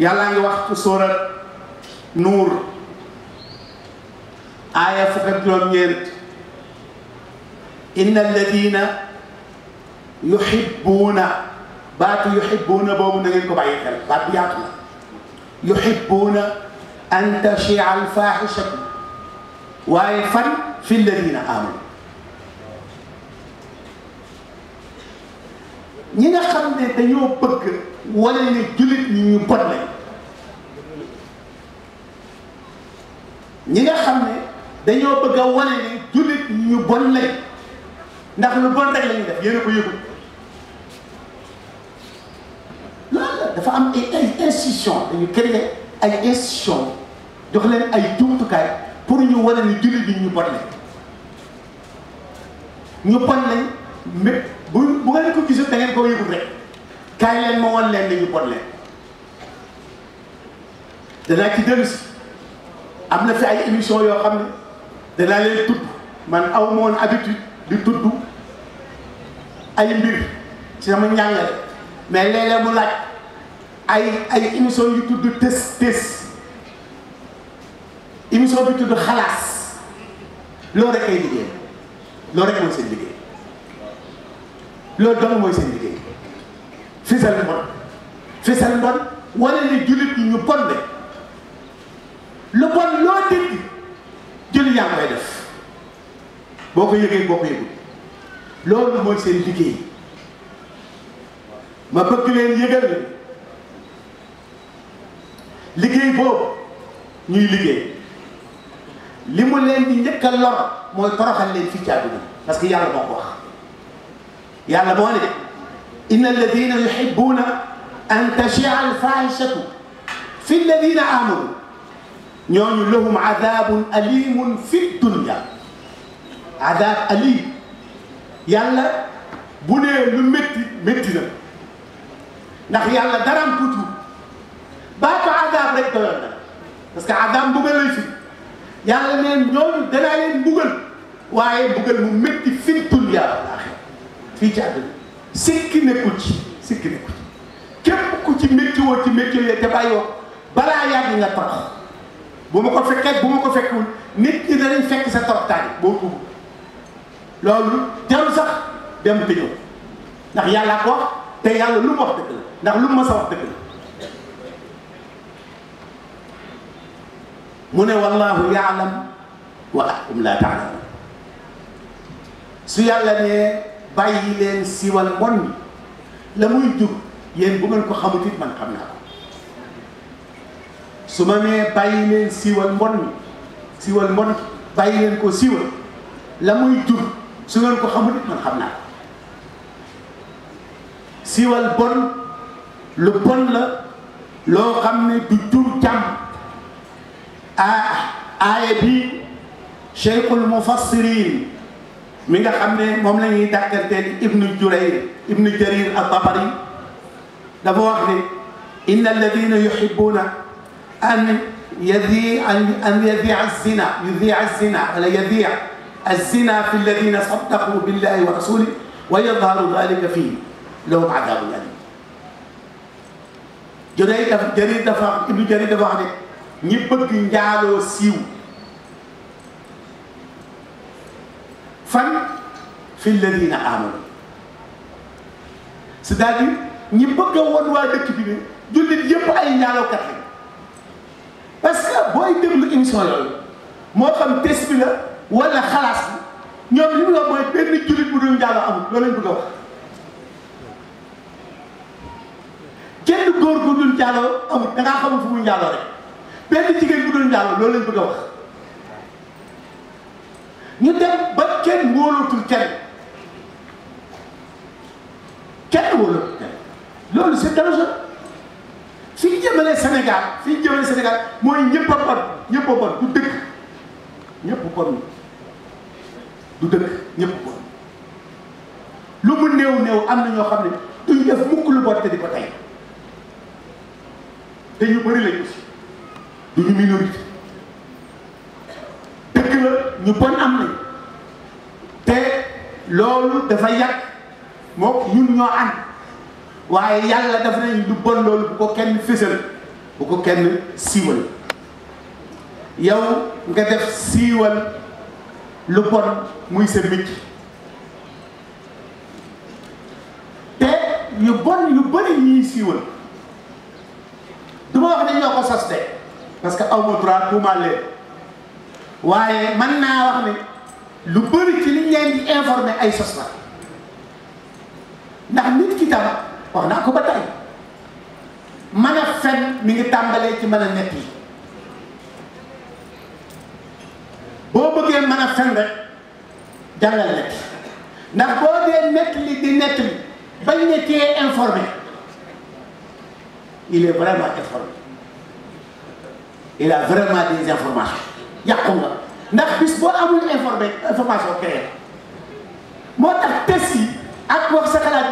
yàllaa ngi wax ci sóorat nuur aaya fukk ak juróom-ñeent inna alladina yuhibbuuna baatu yuhibbuuna boobu na ngeen ko bàyyi xel baat bu yaatu la yuhibbuuna an tashia alfaaxishatu waaye fan fi alladina aamanu ñi nga xam ne dañoo bëgg wane ne jullit ñi ñu bon lañ ñi nga xam ne dañoo bëgg a wane ne jullit ñi ñu bon lañ ndax lu bon rek lañu def yéen a ko yëgul loolu la dafa am ay ay institution dañu créer ay institution jox leen ay jumtukaay pour ñu wane ne jullit ñi ñu bon lañ ñu bon lañ mais bu bu ngeen ko gisul da ngeen koo yëgul rek kaay leen ma wan leen nañu bon leen danaa ci dellu si am na fi ay émission yoo xam ne danaa leen tudd man aw ma woon di tuddu ay mbir ci sama njàngale mais léeg mu laaj ay ay émission yu tudd tës tës émission bi tudd xalaas loolu rek liggéey loolu rek mooy seen liggéey loolu dong mooy seen liggéey fi seen mbon fi seen mbon wane ni jullit yi ñu bon ne lu bon loo dégg jullit yaa koy def boo ko yëgee boo ko yëgul loolu mooy seen liggéey ma bëgg leen yëgal ni liggéey boobu ñuy liggéey li mu leen di njëkk a lor mooy toroxal leen fii ci àdduna parce que yàlla moo ko wax yàlla moo ne إن الذين يحبون أن تشيع الفاحشة في الذين آمنوا ñooñu lahum adabun alimun fi dunya adab alim yàlla bu nee lu métti métti na ndax yàlla daraam tuuti baatu adab rek doyoon na parce que adab mbugal lay fi yàlla neen ñooñu danaa leen mbugal waaye mbugal mu métti fi dunya fii ci àdduna sikki nekkul ci sikki nekkul ci képp ku ci métti woo ci métti yooyu te bàyyoo balaa yàgg nga torox bu ma ko fekkee bu ma ko fekkul nit ñi danañ fekk sa toroxtaay boo tuub loolu jarul sax dem te ñëw ndax yàllaa ko wax te yàlla lu ma wax dëgg la ndax lu mu mës wax dëgg la mu ne wallahu yaalam wa antum laa taalamuun su yàlla nee bàyyi leen siwal mbon mi la muy jur yéen bu ngeen ko xamut it man xam naa ko su ma nee bàyyi leen siwal mbon mi siwal mbon bàyyi leen ko siwal la muy jur su ngeen ko xamut it man xam naa ko siwal bon lu bon la loo xam ne du jur jàmm a ah, aaya bi cheikhul mufassirin mi nga xam ne moom la ñuy dàkkanteel ibnu jurayr ibnu jarir at-tabari dafa wax ne inna alladina yuhibbuna an yadi an yadi az-zina yudi az-zina wala yadi az-zina fi alladina saddaqu billahi wa rasulihi wa yadharu dhalika fihim lahum adhabun alim jurayr daf jarir dafa ibnu jarir dafa wax ne ñi bëgg njaaloo siiw fan fi lladina amanu c'est-à-dire ñi bëgg a woon waa dëkk jullit yëpp ay ñaanookat lañ parce que booy déglu émission yooyu moo xam test bi la wala xalaas bi ñoom li mu la mooy benn jullit bu dul njaaloo amul loolu lañ bëgg a wax kenn góor bu dul njaaloo amul da ngaa xamul fu muy rek benn jigéen bu dul njaaloo loolu lañ bëgg a wax ñu dem ba kenn wóolootul kenn kenn wóolootul kenn loolu c'est dangereux fi ñu jëmale Sénégal fi ñu jëmale Sénégal mooy ñëpp bon ñëpp bon du dëkk ñëpp bon lu mu néew néew am na ñoo xam ne duñ def mukk lu bon te di ko tey te ñu bëri lañu aussi duñu minorité ñu bon am nañ te loolu dafa yàq mook ñun ñoo ànd waaye yàlla daf nañ lu bon loolu bu ko kenn fésal bu ko kenn siiwal yow nga def siiwal lu bon muy sa micc te ñu bon yu bëri ñuy siiwal du wax ne ñoo ko sos de parce que aw ma droit waaye man naa wax ne lu bëri ci liñ leen di informé ay sos la ndax nit ki tam wax naa ko ba tey mën a fen mi ngi tàmbalee ci mën a nekk yi boo bëggee a fen rek jàngal nekk ndax boo dee nekk li di nekk li bañ ne cee informé il est vraiment informé il a vraiment des yàqu nga ndax bis boo amul informé information créée moo tax test yi ak wax sa xalaat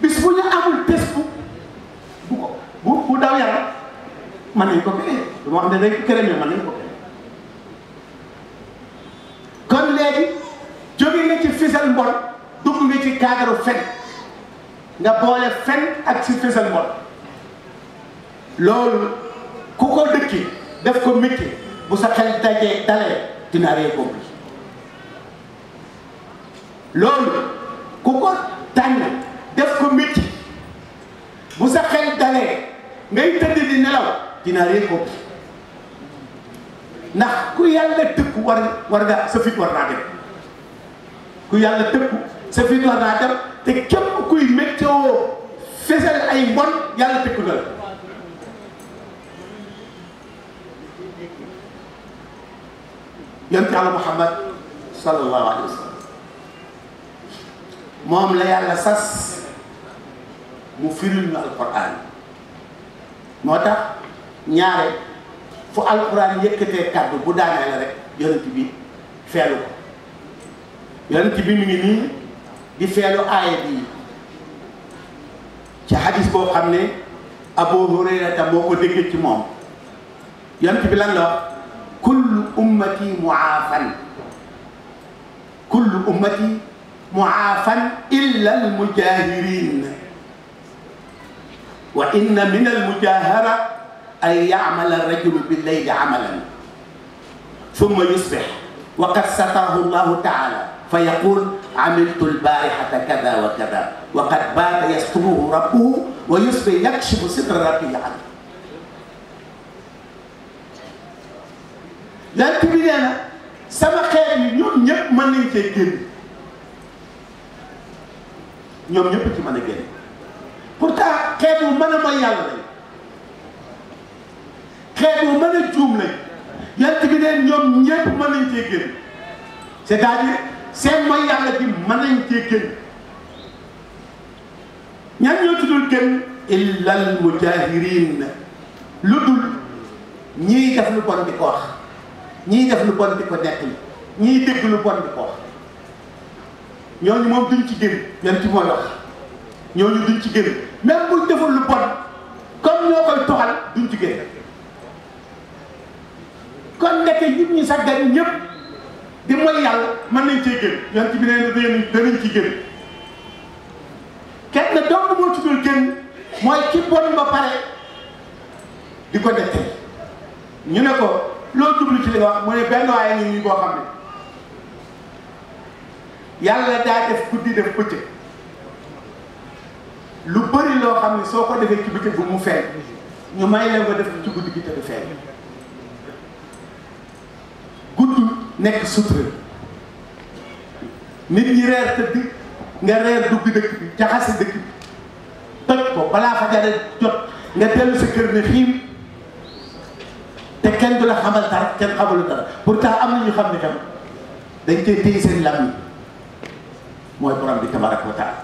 bis bu ñu amul test bu bu bu daw yaram mën nañ ko créé du ma xam ne rek créé mais mën nañ ko créé kon léegi jóge nga ci fisal mbon dugg nga ci kaagaru fen nga boole fen ak si fisal mbon loolu ku ko dëkki def ko métier bu sa xel dajee dalee dina récompli loolu ku ko tànn def ko métti bu sa xel dalee ngay tëdd di nelaw dina récompli ndax ku yàlla tëkku war war nga sa fit war naa dem ku yàlla tëkku sa fit war naa dem te képp kuy météo fesal ay mbon yàlla tëkku na yonent yàlla Muhammad sallallahu alayhi moom la yàlla sas mu firil ñu alquran moo tax ñaare fu alquran yëkkatee kàddu bu daanee la rek yonent bi feelu ko yonent bi nii di feelu aaya bi ci hadis boo xam ne Abu Hurayrata moo ko déggee ci moom yonent bi lan la ummati muaafan kullu ummati muaafan illa almujaahirin wa inna min almujaahara an yacmala rajulu billayli camalan summa yusbix wa qad satarahu llahu taala fa yaqul amiltu albarixata kada wa kada wa qad baata yasturuhu rabbuhu wa yusbix yakshifu sitra rabbihi anhu yant bi nee sama xeet yi ñoom ñëpp mën nañ cee génn ñoom ñëpp ci mën a génn pourtant xeet wu mën a mooy yàlla lañ xeet wu mën a juum lañ ñoom ñëpp mën nañ cee génn c'est-à-dire seen mooy yàlla gi mën nañ cee génn ñan génn illal mujahirin lu dul ñiy def lu bon di ko ñii def lu bon di ko nettali ñii dégg lu bon di ko wax ñooñu moom duñ ci génn yan ci mooy wax ñooñu duñ ci génn même buñ deful lu bon comme ñoo koy toxal duñ ci génn kon nekk nit ñi sax dañ ñëpp di mooy yàlla mën nañ cee génn yan ci bi nee danañ ci génn kenn dong moo ci dul mooy ki bon ba pare di ko nettali ñu ne ko loo jublu ci li nga wax mu ne benn waaye ngi nii boo xam ne yàlla daa def guddi def bëccëg lu bëri loo xam ne soo ko defee ci bëccëg bu mu feeñ ñu may leen ko def ci guddi gi te du feeñ guddi nekk sutura nit ñi reer tëdd nga reer dugg dëkk bi jaxase dëkk bi toj ko balaa fajar jot nga dellu kër ne xiim te kenn du la xamal dara kenn xamalu dara pourtant am na ñu xam ne tam dañ koy téye seen lam yi mooy borom bi tabaraka wa taala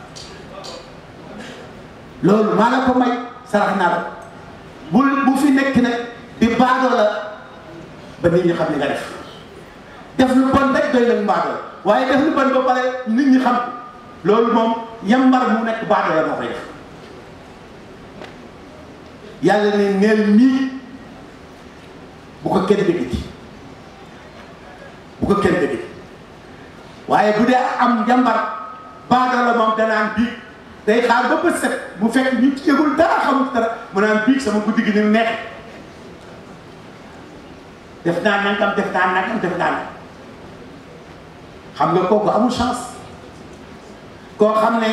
loolu maa la ko may sarax naa la bul fi nekk nag di baadoo la ba nit ñi xam ne nga def def lu bon rek doy lañ baadoo waaye def lu bon ba pare nit ñi xam loolu moom yambar mu nekk baadoo la moo koy def bu ko kenn déggati waaye bu dee am njàmbar baada la moom danaan biig day xaar ba bët set bu fekk ñu yëgul dara xamul mu naan biig sama guddi gi ni neex def naa nangam def naa nangam def naa nangam xam nga kooku koo xam ne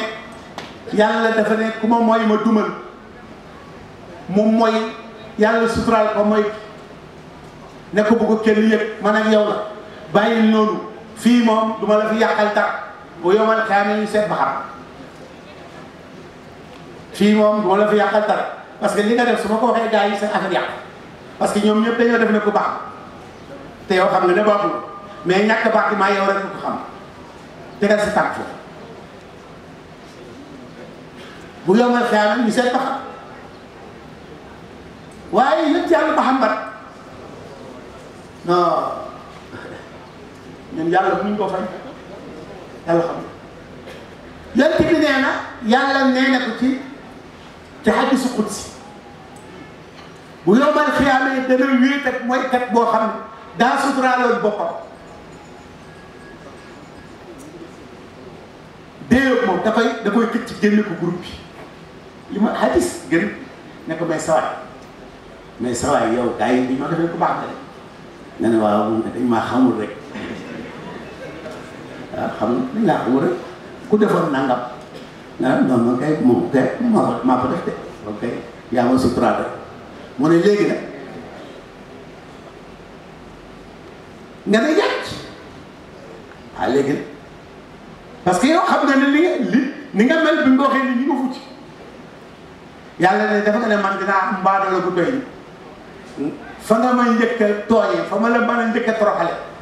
yàlla dafa ne ku ma mooy ma dumal mu mooy yàlla suturaal ko mooy ne ko bu ko kenn man ak yow bàyyil noonu fii moom du ma la fi yàqal dara bu yomal xeyaam ñu seet ba xam fii la fi parce que li nga def parce que ñoom ñëpp dañoo def ne ku baax te yow xam mais ñàkk maa yow rek ko xam tegal si tànk foofu bu seet ba xam waaye yëpp yàlla ba xam bat non yàlla bu ñu ko fay yàlla xam na yàlla bi nee na yàlla nee na ko ci ci hadiisu qudsi bu yombal xiyaamee dana wéet mooy kat boo xam ne daa suturaaloon boppam déew moom dafay da koy këcc ci génne ko groupe bi li ma hadiis gën ne ko may sawaay may yow gars ma defee ko baax na nga ne waaw moom dañ maa xamul rek waaw xam nga dañ laa xamul rek ku nga ne non non kay moom kay maa maa ko def de ok yaa ma suturaat rek ne léegi nga ne yàcc ah léegi nag parce que xam nga ne li nga li ni nga mel bi nga waxee ni ñu nga fucc yàlla ne dafa man dinaa am mbaadoo la bu fa nga may njëkk a tooñee fa ma la mën a njëkk a toroxale